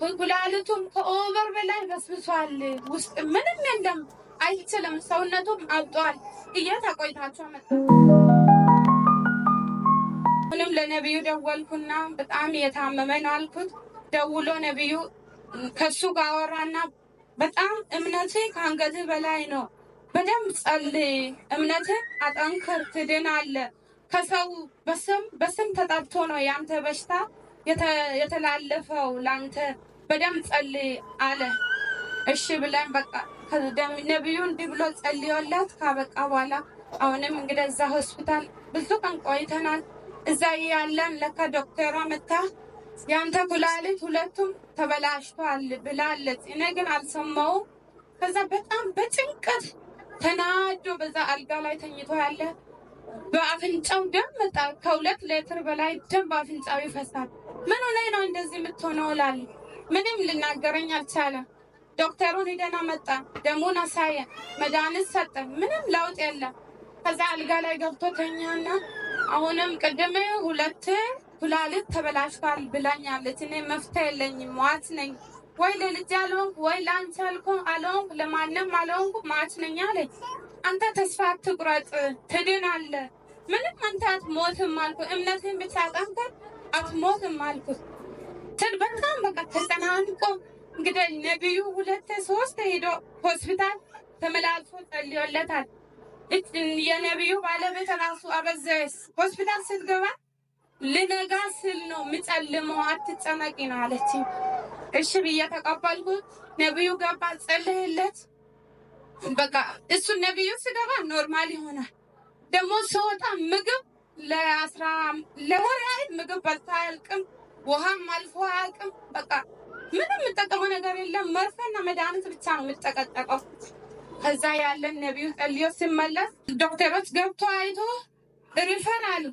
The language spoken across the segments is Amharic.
ኩላሊቱም ከኦቨር በላይ በስብሷል። ውስጥ ምንም የለም፣ አይችልም። ሰውነቱም አብጧል። እየት አቆይታቸው መጣ። ምንም ለነቢዩ ደወልኩና በጣም እየታመመ ነው አልኩት። ደውሎ ነቢዩ ከሱ ጋር አወራና በጣም እምነት ከአንገት በላይ ነው፣ በደንብ ጸልይ፣ እምነት አጠንክር፣ ትድናለህ። ከሰው በስም በስም ተጠርቶ ነው ያንተ በሽታ የተላለፈው ላንተ በደም ጸልይ አለ። እሺ ብለን በቃ ነቢዩ እንዲህ ብሎ ጸልዮላት ካበቃ በኋላ አሁንም እንግዲህ እዛ ሆስፒታል ብዙ ቀን ቆይተናል። እዛ ያለን ለካ ዶክተሯ መታ የአንተ ኩላሊት ሁለቱም ተበላሽቷል ብላለች። እኔ ግን አልሰማውም። ከዛ በጣም በጭንቀት ተናዶ በዛ አልጋ ላይ ተኝቶ ያለ በአፍንጫው ደም መጣ። ከሁለት ሌትር በላይ ደም በአፍንጫው ይፈሳል። ምን ሆነህ ነው እንደዚህ የምትሆነው? እላለሁ ምንም ልናገረኝ አልቻለ። ዶክተሩን ሂደን አመጣ፣ ደሙን አሳየ፣ መድኃኒት ሰጠ። ምንም ለውጥ የለም። ከዛ አልጋ ላይ ገብቶ ተኛና አሁንም ቅድም ሁለት ኩላሊት ተበላሽቷል ብላኛለች። እኔ መፍትሄ የለኝም፣ ሟች ነኝ። ወይ ለልጅ አልሆንኩ፣ ወይ ለአንቺ አልሆንኩ፣ ለማንም አልሆንኩ፣ ሟች ነኝ አለኝ። አንተ ተስፋ አትቁረጥ፣ አለ። ምንም አንተ አትሞትም አልኩ። እምነትህን ብቻ ጠንከር፣ አትሞትም አልኩት። ስትል በጣም በቃ ተጠናንቆ እንግዲህ ነቢዩ ሁለት ሶስት ሄዶ ሆስፒታል ተመላልሶ ጸልዮለታል። የነቢዩ ባለቤት ራሱ አበዛች። ሆስፒታል ስትገባ ልነጋ ስል ነው የምጸልመው፣ አትጨነቂ ነው አለች። እሺ ብዬ ተቀበልኩ። ነቢዩ ገባ፣ ጸልህለት። በቃ እሱ ነቢዩ ስገባ ኖርማል ይሆናል። ደግሞ ስወጣ ምግብ ለአስራ ለወር ያህል ምግብ በልታ አያልቅም። ውሃም አልፎ አያውቅም። በቃ ምንም የምጠቀመው ነገር የለም። መርፌና መድኃኒት ብቻ ነው የምጠቀጠቀው። እዛ ያለን ነቢዩ ጠልዮ ሲመለስ ዶክተሮች ገብቶ አይቶ ሪፈር አሉ።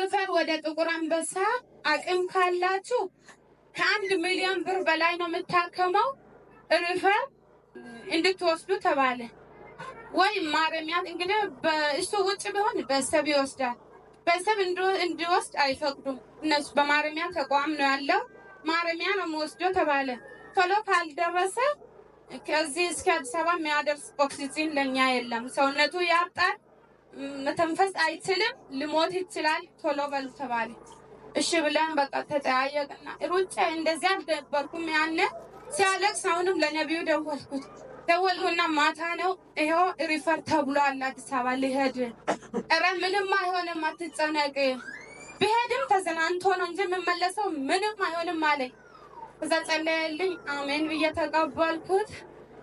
ሪፈር ወደ ጥቁር አንበሳ አቅም ካላችሁ ከአንድ ሚሊዮን ብር በላይ ነው የምታከመው፣ ሪፈር እንድትወስዱ ተባለ። ወይም ማረሚያት እንግዲህ እሱ ውጭ ቢሆን በሰብ ይወስዳል በሰብ እንዲወስድ አይፈቅዱም። እነሱ በማረሚያ ተቋም ነው ያለው። ማረሚያ ነው መወስዶ ተባለ። ቶሎ ካልደረሰ ከዚህ እስከ አዲስ አበባ የሚያደርስ ኦክሲጂን ለእኛ የለም። ሰውነቱ ያብጣል፣ መተንፈስ አይችልም፣ ልሞት ይችላል። ቶሎ በሉ ተባለ። እሺ ብለን በቃ ተጠያየቅና ሩጫ እንደዚያ አልደበርኩም። ያነ ሲያለቅስ አሁንም ለነቢዩ ደወልኩት። ደወልኩና ማታ ነው ይኸው ሪፈር ተብሏል አዲስ አበባ ሊሄድ። ኧረ ምንም አይሆንም አትጨነቅ፣ ብሄድም ተዝናንቶ ነው እንጂ የምመለሰው ምንም አይሆንም አለኝ። ከዛ ጸለየልኝ፣ አሜን ብዬ ተቀበልኩት።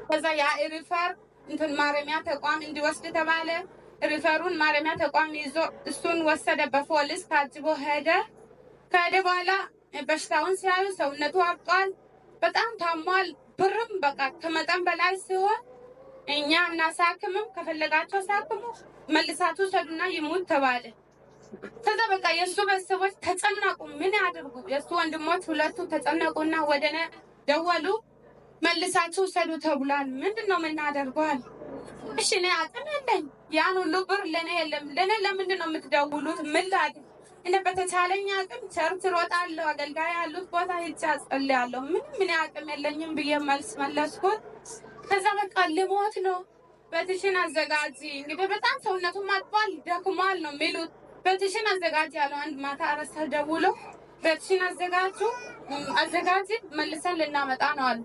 ከዛ ያ ሪፈር እንትን ማረሚያ ተቋም እንዲወስድ ተባለ። ሪፈሩን ማረሚያ ተቋም ይዞ እሱን ወሰደ፣ በፖሊስ ታጅቦ ሄደ። ከሄደ በኋላ በሽታውን ሲያዩ ሰውነቱ አብጧል፣ በጣም ታሟል። ብርም በቃ ከመጠን በላይ ሲሆን እኛ እናሳክምም፣ ከፈለጋቸው ሳክሙ መልሳችሁ ሰዱና ይሙት ተባለ። ከዛ በቃ የእሱ ቤተሰቦች ተጨነቁ። ምን ያድርጉ? የእሱ ወንድሞች ሁለቱ ተጨነቁና ወደነ ደወሉ። መልሳችሁ ሰዱ ተብሏል። ምንድን ነው የምናደርገዋል? እሺ እኔ አቅም የለኝ ያን ሁሉ ብር ለእኔ የለም። ለእኔ ለምንድን ነው የምትደውሉት? ምን ላድርግ እኔ በተቻለኝ አቅም ቸርች እሮጣለሁ፣ አገልጋይ ያሉት ቦታ ሂጅ አጸልያለሁ። ምንም ምን አቅም የለኝም ብዬ መልስ መለስኩት። ከዛ በቃ ልሞት ነው በትሽን አዘጋጂ። እንግዲህ በጣም ሰውነቱ ማጥቧል፣ ደክሟል ነው የሚሉት። በትሽን አዘጋጅ ያለው አንድ ማታ አረስተ ደውሎ በትሽን አዘጋጁ አዘጋጂ መልሰን ልናመጣ ነው አሉ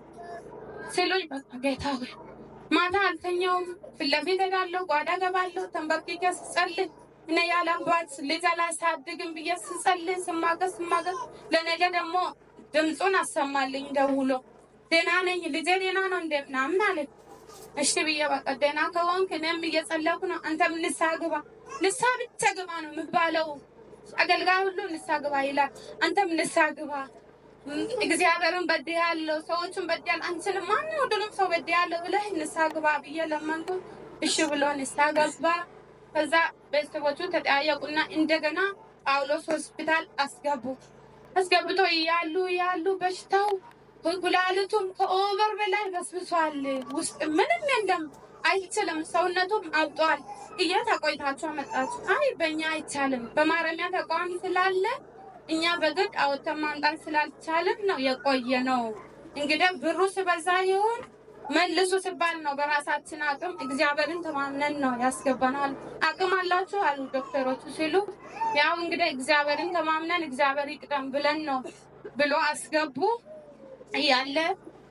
ሲሉኝ፣ በቃ ጌታ ማታ አልተኛውም። ፊት ለፊት እሄዳለሁ፣ ጓዳ ገባለሁ፣ ተንበርክኬ ስጸልይ እነ ያለ አባት ልጅ አላሳድግም ብዬ ስጸልይ ስማገስ ስማገስ ለነገ ደግሞ ድምፁን አሰማልኝ ደውሎ ደህና ነኝ ልጄ ደህና ነው እንደ ምናምን አለኝ። እሺ ብዬ በቃ ደህና ከሆንክ እኔም እየጸለኩ ነው፣ አንተም ንሳ ግባ፣ ንሳ ብቻ ግባ ነው የምባለው። አገልጋይ ሁሉ ንሳ ግባ ይላል፣ አንተም ንሳ ግባ። እግዚአብሔርን በድያለሁ፣ ሰዎችን በድያለሁ፣ አንቺንም ማን ሁሉንም ሰው በድያለሁ ብለህ ንሳ ግባ ብዬ ለመንኩ። እሺ ብሎ ንሳ ገባ። ከዛ ቤተሰቦቹን ተጠያየቁና እንደገና ጳውሎስ ሆስፒታል አስገቡ። አስገብቶ ያሉ ያሉ በሽታው ኩላሊቱም ከኦቨር በላይ በስብሷል። ውስጥ ምንም የለም አይችልም። ሰውነቱም አብጧል። እየተቆይታችሁ አመጣችሁ። አይ በእኛ አይቻልም፣ በማረሚያ ተቋም ስላለ እኛ በግድ አውጥተን ማምጣት ስላልቻልን ነው የቆየ ነው። እንግዲህ ብሩ ስበዛ ይሁን መልሱ ሲባል ነው። በራሳችን አቅም እግዚአብሔርን ተማምነን ነው ያስገባናል። አቅም አላችሁ አሉ ዶክተሮቹ ሲሉ ያው እንግዲህ እግዚአብሔርን ተማምነን እግዚአብሔር ይቅደም ብለን ነው ብሎ አስገቡ እያለ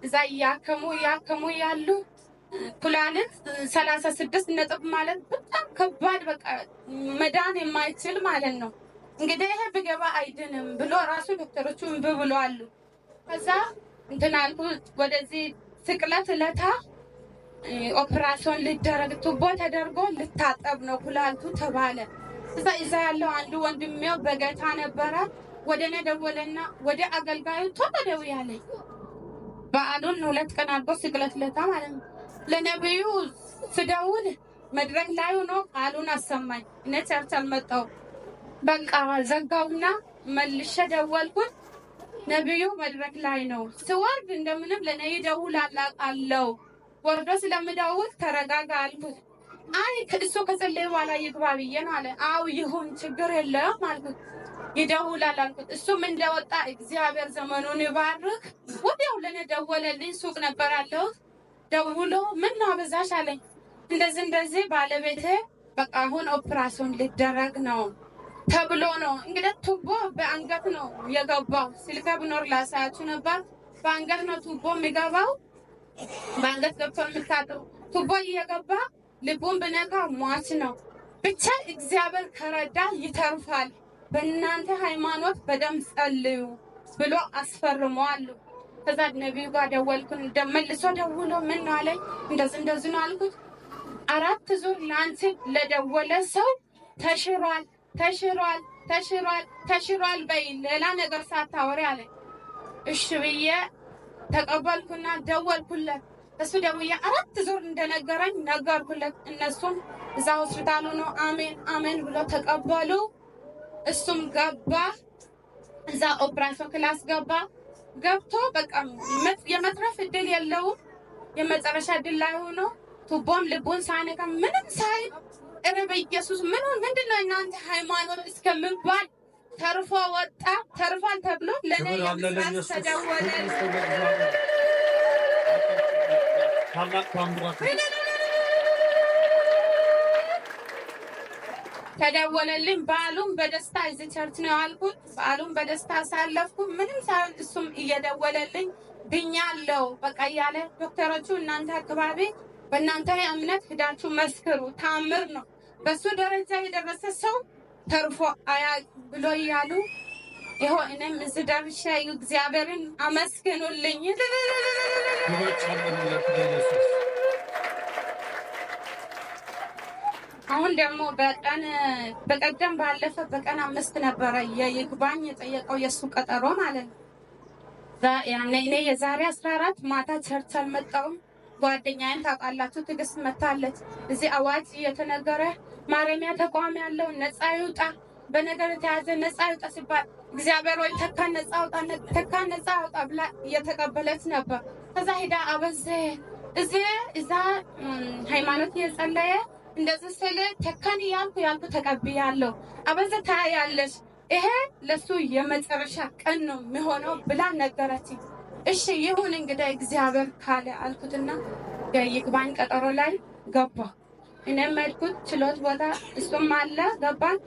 እዛ እያከሙ እያከሙ ያሉ ኩላልን ሰላሳ ስድስት ነጥብ ማለት በጣም ከባድ በቃ መዳን የማይችል ማለት ነው። እንግዲህ ይሄ ብገባ አይድንም ብሎ ራሱ ዶክተሮቹ እምቢ ብሎ አሉ። ከዛ እንትን አልኩ ወደዚህ ስቅለት እለታ ኦፕራሲዮን ሊደረግ ቱቦ ተደርጎ ልታጠብ ነው ኩላልቱ ተባለ። እዛ እዛ ያለው አንዱ ወንድሜው በገታ ነበረ። ወደ እኔ ደወለና ወደ አገልጋዩ ቶሎ ያለኝ በዓሉን ሁለት ቀን አድርጎ ስቅለት እለታ ማለት ነው። ለነቢዩ ስደውል መድረክ ላይ ሆኖ ቃሉን አሰማኝ። እኔ ቸርች አልመጣሁም። በቃ ዘጋውና መልሼ ደወልኩን። ነቢዩ መድረክ ላይ ነው። ስወርድ እንደምንም ለነይ ደውል አለው። ወርዶ ስለምደውል ተረጋጋ አልኩት። አይ እሱ ከጸለይ በኋላ ይግባ ብዬ ነው አለ። አው ይሁን ችግር የለም አልኩት። ይደውላል አልኩት። እሱም እንደወጣ እግዚአብሔር ዘመኑን ይባርክ። ወዲያው ለእኔ ደወለልኝ። ሱቅ ነበር ያለሁት። ደውሎ ምን ነው አበዛሽ አለኝ። እንደዚህ እንደዚህ ባለቤቴ በቃ አሁን ኦፕራሲዮን ሊደረግ ነው ተብሎ ነው እንግዲህ ቱቦ በአንገት ነው የገባው። ስልካ ብኖር ላሳያችሁ ነበር። በአንገት ነው ቱቦ የሚገባው። በአንገት ገብቶ የምታጥሩ ቱቦ እየገባ ልቡን ብነካ ሟች ነው። ብቻ እግዚአብሔር ከረዳ ይተርፋል። በእናንተ ሃይማኖት በደንብ ጸልዩ ብሎ አስፈርመዋሉ። ከዛ ነቢዩ ጋር ደወልኩን። መልሶ ደውሎ ምን ነው አለኝ። እንደዚህ እንደዚህ ነው አልኩት። አራት ዙር ለአንቺ ለደወለ ሰው ተሽሯል ተሽሯል ተሽሯል ተሽሯል በይ ሌላ ነገር ሳታወሪ አለ እሺ ብዬ ተቀበልኩና ደወልኩለት። እሱ ደውዬ አራት ዙር እንደነገረኝ ነገርኩለት። እነሱም እዛ ሆስፒታል ነው አሜን አሜን ብሎ ተቀበሉ። እሱም ገባ እዛ ኦፕራሽን ክላስ ገባ። ገብቶ በቃ የመትረፍ እድል የለውም። የመጨረሻ እድል ላይ ሆኖ ቱቦም ልቡን ሳይነካ ምንም ሳይ እረ በኢየሱስ ምን ምንድን ነው እናንተ ሃይማኖት እስከምባል ተርፎ ወጣ ተርፏል ተብሎ ለነያ ተደወለ። ተደወለልኝ። በዓሉን በደስታ እዚህ ቸርች ነው ያልኩት። በዓሉን በደስታ ሳለፍኩ ምንም ሳይሆን እሱም እየደወለልኝ አለው በቃ እያለ ዶክተሮቹ እናንተ አካባቢ በእናንተ እምነት ሂዳችሁ መስክሩ ታምር ነው በሱ ደረጃ የደረሰ ሰው ተርፎ አያ ብሎ እያሉ ይሆ እኔም እዚህ ዩ እግዚአብሔርን አመስግኑልኝ። አሁን ደግሞ በቀን በቀደም ባለፈ በቀን አምስት ነበረ የይግባኝ የጠየቀው የእሱ ቀጠሮ ማለት ነው። እኔ የዛሬ አስራ አራት ማታ ቸርች አልመጣውም። ጓደኛዬን ታውቃላችሁ፣ ትዕግስት መታለች። እዚህ አዋጅ እየተነገረ ማረሚያ ተቋም ያለው ነፃ ይውጣ፣ በነገር የተያዘ ነፃ ይውጣ ሲባል እግዚአብሔር ወይ ተካ ነፃ አውጣ፣ ተካ ነፃ አውጣ ብላ እየተቀበለች ነበር። ከዛ ሄዳ አበዘ እዚ እዛ ሃይማኖት እየጸለየ እንደዚህ ስል ተካን እያልኩ ያልኩ ተቀብያለሁ። አበዘ ታያለች፣ ይሄ ለሱ የመጨረሻ ቀን ነው የሚሆነው ብላ ነገረች። እሺ ይሁን እንግዲህ እግዚአብሔር ካለ አልኩትና ይግባኝ ቀጠሮ ላይ ገባ። እኔም መድኩት ችሎት ቦታ እሱም አለ ገባን።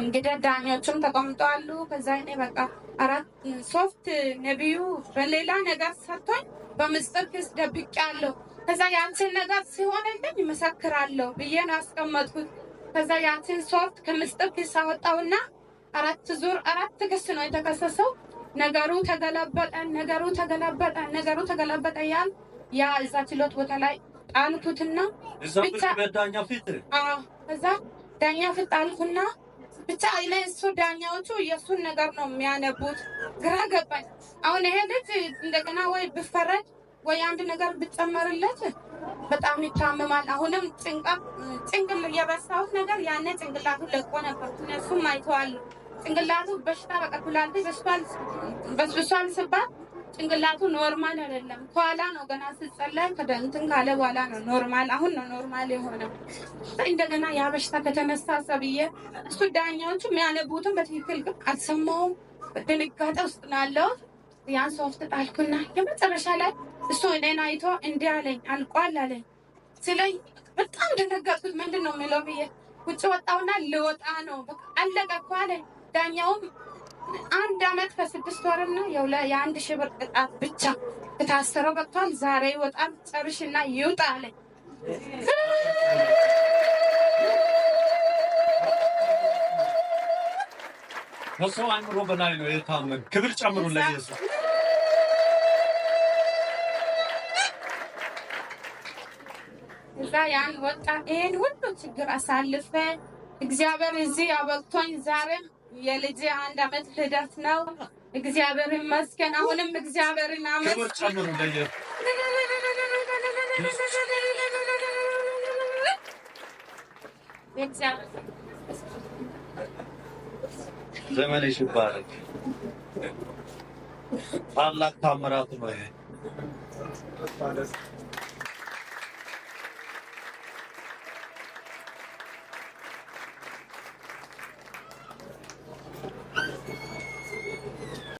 እንግዲህ ዳኞቹም ተቀምጠዋሉ። ከዛ እኔ በቃ አራት ሶፍት ነቢዩ በሌላ ነገር ሰጥቶኝ በምስጢር ክስ ደብቅ ከዛ ያንቺን ነገር ሲሆንልኝ ይመሰክራለሁ ብዬ ነው ያስቀመጥኩት። ከዛ ያንቺን ሶፍት ከምስጢር ክስ አወጣውና አራት ዙር አራት ክስ ነው የተከሰሰው። ነገሩ ተገለበጠ፣ ነገሩ ተገለበጠ፣ ነገሩ ተገለበጠ ያል ያ እዛ ችሎት ቦታ ላይ ጣልኩትና ብቻ ዳኛ ፊት እዛ ዳኛ ፊት ጣልኩና ብቻ ለእሱ ዳኛዎቹ የእሱን ነገር ነው የሚያነቡት። ግራ ገባኝ። አሁን ይሄ ልጅ እንደገና ወይ ብፈረድ ወይ አንድ ነገር ብጨመርለት በጣም ይታመማል። አሁንም ጭንቅል የረሳሁት ነገር ያነ ጭንቅላቱ ለቆ ነበር። እነሱም አይተዋል። ጭንቅላቱ በሽታ በቀ ኩላሊት ስባል ጭንቅላቱ ኖርማል አይደለም። ኋላ ነው ገና ስጸላይ ከደንትን ካለ በኋላ ነው ኖርማል አሁን ነው ኖርማል የሆነው። እንደገና ያ በሽታ ከተነሳ ሰብዬ እሱ ዳኛዎቹ የሚያነቡትን በትክክል አልሰማውም። ድንጋጤ ውስጥ ናለው። ያለው። ያን ሶፍት ጣልኩና የመጨረሻ ላይ እሱ እኔን አይቶ እንዲህ አለኝ፣ አልቋል አለኝ ስለኝ በጣም ደነገጥኩት። ምንድን ነው የሚለው ብዬ ውጭ ወጣውና ልወጣ ነው በቃ አለቀ እኮ አለኝ ዳኛውም አንድ አመት ከስድስት ወርም ነው የአንድ ሺህ ብር ቅጣት ብቻ የታሰረው በቅቷል። ዛሬ ይወጣል፣ ጨርሽና ይውጣ አለኝ። ከሰው አይምሮ በላይ ነው የታመን። ክብር ጨምሩ ለየሱ እዛ ያን ወጣ። ይሄን ሁሉ ችግር አሳልፈ እግዚአብሔር እዚህ ያበቅቶኝ ዛሬም የልጅ አንድ አመት ልደት ነው። እግዚአብሔር ይመስገን። አሁንም እግዚአብሔርን አመት ዘመንሽ ይባረክ። ታላቅ ታምራት ነው። ይሄ።